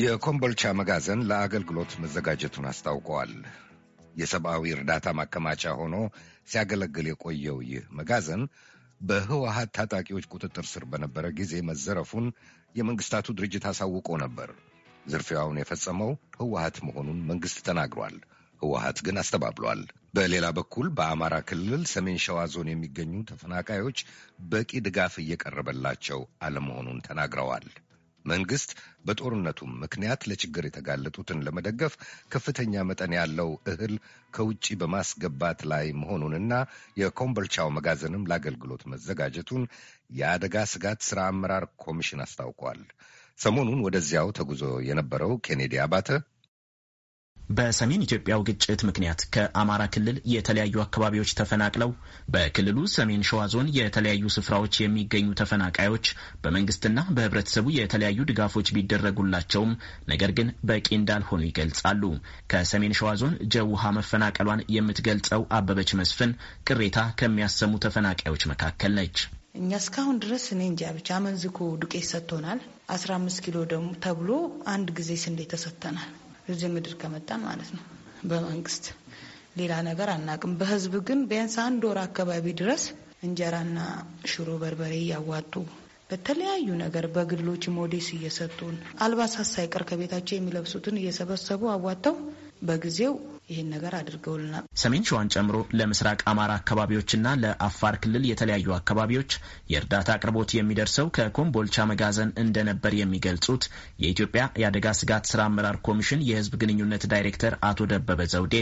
የኮምቦልቻ መጋዘን ለአገልግሎት መዘጋጀቱን አስታውቀዋል። የሰብአዊ እርዳታ ማከማቻ ሆኖ ሲያገለግል የቆየው ይህ መጋዘን በህወሀት ታጣቂዎች ቁጥጥር ስር በነበረ ጊዜ መዘረፉን የመንግስታቱ ድርጅት አሳውቆ ነበር። ዝርፊያውን የፈጸመው ህወሀት መሆኑን መንግስት ተናግሯል። ህወሀት ግን አስተባብሏል። በሌላ በኩል በአማራ ክልል ሰሜን ሸዋ ዞን የሚገኙ ተፈናቃዮች በቂ ድጋፍ እየቀረበላቸው አለመሆኑን ተናግረዋል። መንግስት በጦርነቱም ምክንያት ለችግር የተጋለጡትን ለመደገፍ ከፍተኛ መጠን ያለው እህል ከውጭ በማስገባት ላይ መሆኑንና የኮምበልቻው መጋዘንም ለአገልግሎት መዘጋጀቱን የአደጋ ስጋት ሥራ አመራር ኮሚሽን አስታውቋል። ሰሞኑን ወደዚያው ተጉዞ የነበረው ኬኔዲ አባተ በሰሜን ኢትዮጵያው ግጭት ምክንያት ከአማራ ክልል የተለያዩ አካባቢዎች ተፈናቅለው በክልሉ ሰሜን ሸዋ ዞን የተለያዩ ስፍራዎች የሚገኙ ተፈናቃዮች በመንግስትና በህብረተሰቡ የተለያዩ ድጋፎች ቢደረጉላቸውም ነገር ግን በቂ እንዳልሆኑ ይገልጻሉ። ከሰሜን ሸዋ ዞን ጀውሃ መፈናቀሏን የምትገልጸው አበበች መስፍን ቅሬታ ከሚያሰሙ ተፈናቃዮች መካከል ነች። እኛ እስካሁን ድረስ እኔ እንጃ ብቻ አመንዝኮ ዱቄት ሰጥቶናል። አስራ አምስት ኪሎ ደግሞ ተብሎ አንድ ጊዜ ስንዴ ተሰጥተናል። እዚህ ምድር ከመጣን ማለት ነው። በመንግስት ሌላ ነገር አናቅም። በህዝብ ግን ቢያንስ አንድ ወር አካባቢ ድረስ እንጀራና ሽሮ በርበሬ እያዋጡ በተለያዩ ነገር በግሎች ሞዴስ እየሰጡን አልባሳት ሳይቀር ከቤታቸው የሚለብሱትን እየሰበሰቡ አዋጥተው በጊዜው ይህን ነገር አድርገውልናል። ሰሜን ሸዋን ጨምሮ ለምስራቅ አማራ አካባቢዎችና ለአፋር ክልል የተለያዩ አካባቢዎች የእርዳታ አቅርቦት የሚደርሰው ከኮምቦልቻ መጋዘን እንደነበር የሚገልጹት የኢትዮጵያ የአደጋ ስጋት ስራ አመራር ኮሚሽን የህዝብ ግንኙነት ዳይሬክተር አቶ ደበበ ዘውዴ፣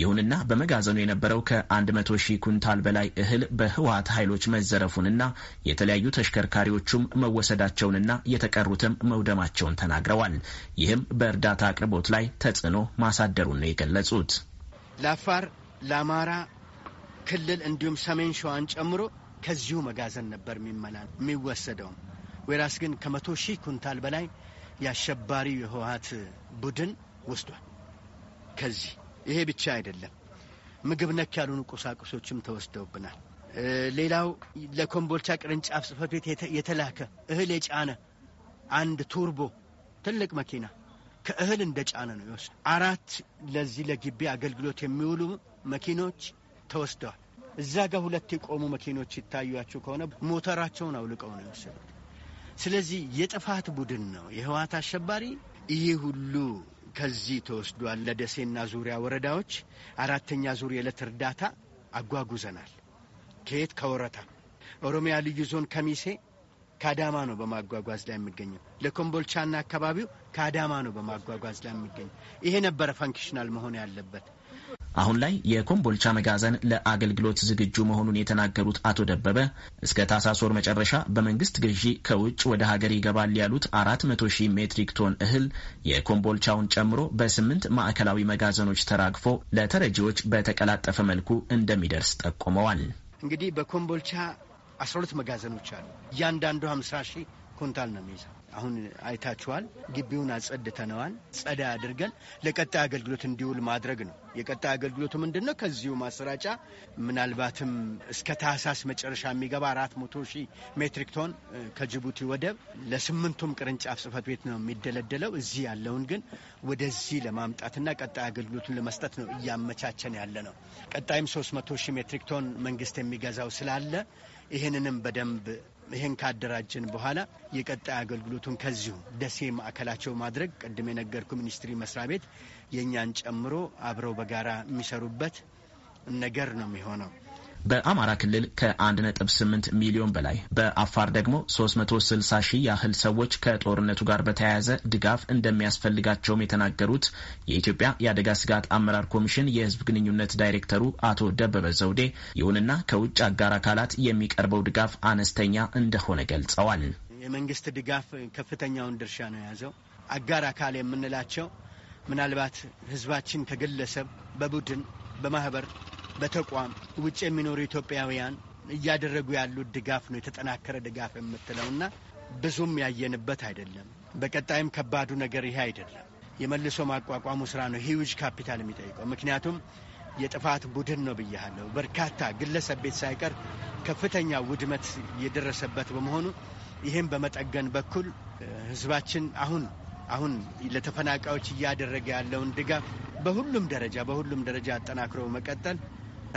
ይሁንና በመጋዘኑ የነበረው ከ100 ሺህ ኩንታል በላይ እህል በህወሀት ኃይሎች መዘረፉንና የተለያዩ ተሽከርካሪዎቹም መወሰዳቸውንና የተቀሩትም መውደማቸውን ተናግረዋል። ይህም በእርዳታ አቅርቦት ላይ ተጽዕኖ ማሳደሩን ነው የገለጹት። ለአፋር፣ ለአማራ ክልል እንዲሁም ሰሜን ሸዋን ጨምሮ ከዚሁ መጋዘን ነበር የሚወሰደውም። ወይራስ ግን ከመቶ ሺህ ኩንታል በላይ የአሸባሪው የህወሀት ቡድን ወስዷል። ከዚህ ይሄ ብቻ አይደለም፣ ምግብ ነክ ያልሆኑ ቁሳቁሶችም ተወስደውብናል። ሌላው ለኮምቦልቻ ቅርንጫፍ ጽህፈት ቤት የተላከ እህል የጫነ አንድ ቱርቦ ትልቅ መኪና ከእህል እንደ ጫነ ነው ይወስድ። አራት ለዚህ ለግቢ አገልግሎት የሚውሉ መኪኖች ተወስደዋል። እዛ ጋር ሁለት የቆሙ መኪኖች ይታዩቸው ከሆነ ሞተራቸውን አውልቀው ነው የወሰዱት። ስለዚህ የጥፋት ቡድን ነው የህወሓት አሸባሪ። ይህ ሁሉ ከዚህ ተወስዷል። ለደሴና ዙሪያ ወረዳዎች አራተኛ ዙር የዕለት እርዳታ አጓጉዘናል። ከየት ከወረታ ኦሮሚያ ልዩ ዞን ከሚሴ ከአዳማ ነው በማጓጓዝ ላይ የሚገኘው። ለኮምቦልቻና አካባቢው ከአዳማ ነው በማጓጓዝ ላይ የሚገኘው። ይሄ ነበረ ፈንክሽናል መሆን ያለበት። አሁን ላይ የኮምቦልቻ መጋዘን ለአገልግሎት ዝግጁ መሆኑን የተናገሩት አቶ ደበበ እስከ ታህሳስ ወር መጨረሻ በመንግስት ግዢ ከውጭ ወደ ሀገር ይገባል ያሉት አራት መቶ ሺህ ሜትሪክ ቶን እህል የኮምቦልቻውን ጨምሮ በስምንት ማዕከላዊ መጋዘኖች ተራግፎ ለተረጂዎች በተቀላጠፈ መልኩ እንደሚደርስ ጠቁመዋል። እንግዲህ በኮምቦልቻ አስራ ሁለት መጋዘኖች አሉ። እያንዳንዱ ሀምሳ ሺህ ኩንታል ነው የሚይዘው። አሁን አይታችኋል። ግቢውን አጸድተነዋል። ጸዳ አድርገን ለቀጣይ አገልግሎት እንዲውል ማድረግ ነው። የቀጣይ አገልግሎቱ ምንድን ነው? ከዚሁ ማሰራጫ ምናልባትም እስከ ታህሳስ መጨረሻ የሚገባ አራት መቶ ሺህ ሜትሪክ ቶን ከጅቡቲ ወደብ ለስምንቱም ቅርንጫፍ ጽህፈት ቤት ነው የሚደለደለው። እዚህ ያለውን ግን ወደዚህ ለማምጣትና ቀጣይ አገልግሎቱን ለመስጠት ነው እያመቻቸን ያለ ነው። ቀጣይም ሶስት መቶ ሺህ ሜትሪክ ቶን መንግስት የሚገዛው ስላለ ይህንንም በደንብ ይህን ካደራጀን በኋላ የቀጣይ አገልግሎቱን ከዚሁ ደሴ ማዕከላቸው ማድረግ ቅድም የነገርኩ ሚኒስትሪ መስሪያ ቤት የእኛን ጨምሮ አብረው በጋራ የሚሰሩበት ነገር ነው የሚሆነው። በአማራ ክልል ከ1.8 ሚሊዮን በላይ በአፋር ደግሞ 360 ሺህ ያህል ሰዎች ከጦርነቱ ጋር በተያያዘ ድጋፍ እንደሚያስፈልጋቸውም የተናገሩት የኢትዮጵያ የአደጋ ስጋት አመራር ኮሚሽን የህዝብ ግንኙነት ዳይሬክተሩ አቶ ደበበ ዘውዴ፣ ይሁንና ከውጭ አጋር አካላት የሚቀርበው ድጋፍ አነስተኛ እንደሆነ ገልጸዋል። የመንግስት ድጋፍ ከፍተኛውን ድርሻ ነው የያዘው። አጋር አካል የምንላቸው ምናልባት ህዝባችን ከግለሰብ በቡድን በማህበር በተቋም ውጭ የሚኖሩ ኢትዮጵያውያን እያደረጉ ያሉት ድጋፍ ነው የተጠናከረ ድጋፍ የምትለውና ብዙም ያየንበት አይደለም። በቀጣይም ከባዱ ነገር ይሄ አይደለም፣ የመልሶ ማቋቋሙ ስራ ነው ሂውጅ ካፒታል የሚጠይቀው። ምክንያቱም የጥፋት ቡድን ነው ብያለሁ። በርካታ ግለሰብ ቤት ሳይቀር ከፍተኛ ውድመት የደረሰበት በመሆኑ ይህም በመጠገን በኩል ህዝባችን አሁን አሁን ለተፈናቃዮች እያደረገ ያለውን ድጋፍ በሁሉም ደረጃ በሁሉም ደረጃ አጠናክሮ መቀጠል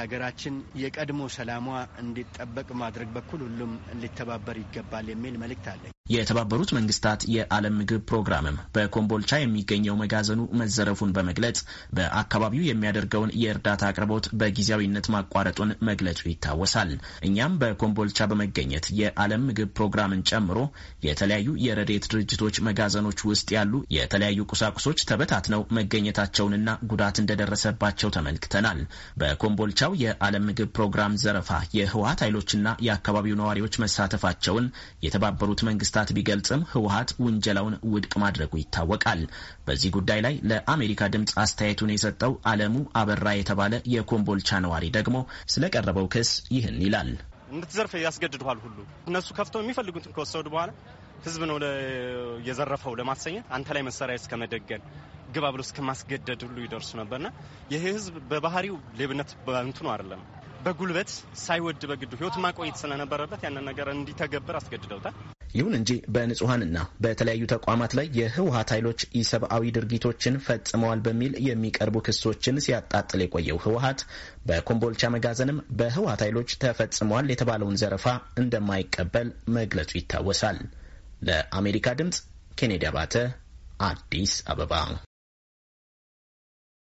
ሀገራችን የቀድሞ ሰላሟ እንዲጠበቅ ማድረግ በኩል ሁሉም ሊተባበር ይገባል የሚል መልእክት አለኝ። የተባበሩት መንግስታት የዓለም ምግብ ፕሮግራምም በኮምቦልቻ የሚገኘው መጋዘኑ መዘረፉን በመግለጽ በአካባቢው የሚያደርገውን የእርዳታ አቅርቦት በጊዜያዊነት ማቋረጡን መግለጹ ይታወሳል። እኛም በኮምቦልቻ በመገኘት የዓለም ምግብ ፕሮግራምን ጨምሮ የተለያዩ የረዴት ድርጅቶች መጋዘኖች ውስጥ ያሉ የተለያዩ ቁሳቁሶች ተበታትነው መገኘታቸውንና ጉዳት እንደደረሰባቸው ተመልክተናል። በኮምቦልቻው የዓለም ምግብ ፕሮግራም ዘረፋ የህወሀት ኃይሎችና የአካባቢው ነዋሪዎች መሳተፋቸውን የተባበሩት መንግስታት መንግስታት ቢገልጽም ህወሀት ውንጀላውን ውድቅ ማድረጉ ይታወቃል። በዚህ ጉዳይ ላይ ለአሜሪካ ድምፅ አስተያየቱን የሰጠው አለሙ አበራ የተባለ የኮምቦልቻ ነዋሪ ደግሞ ስለቀረበው ክስ ይህን ይላል። እንድትዘርፍ ያስገድድኋል ሁሉ እነሱ ከፍተው የሚፈልጉትን ከወሰዱ በኋላ ህዝብ ነው የዘረፈው ለማሰኘት አንተ ላይ መሳሪያ እስከመደገን ግባ ብሎ እስከማስገደድ ሁሉ ይደርሱ ነበርና ይሄ ህዝብ በባህሪው ሌብነት ነው አይደለም በጉልበት ሳይወድ በግዱ ህይወት ማቆየት ስለነበረበት ያንን ነገር እንዲተገብር አስገድደውታል። ይሁን እንጂ በንጹሐንና በተለያዩ ተቋማት ላይ የህወሀት ኃይሎች ኢሰብአዊ ድርጊቶችን ፈጽመዋል በሚል የሚቀርቡ ክሶችን ሲያጣጥል የቆየው ህወሀት በኮምቦልቻ መጋዘንም በህወሀት ኃይሎች ተፈጽመዋል የተባለውን ዘረፋ እንደማይቀበል መግለጹ ይታወሳል። ለአሜሪካ ድምፅ ኬኔዲ አባተ አዲስ አበባ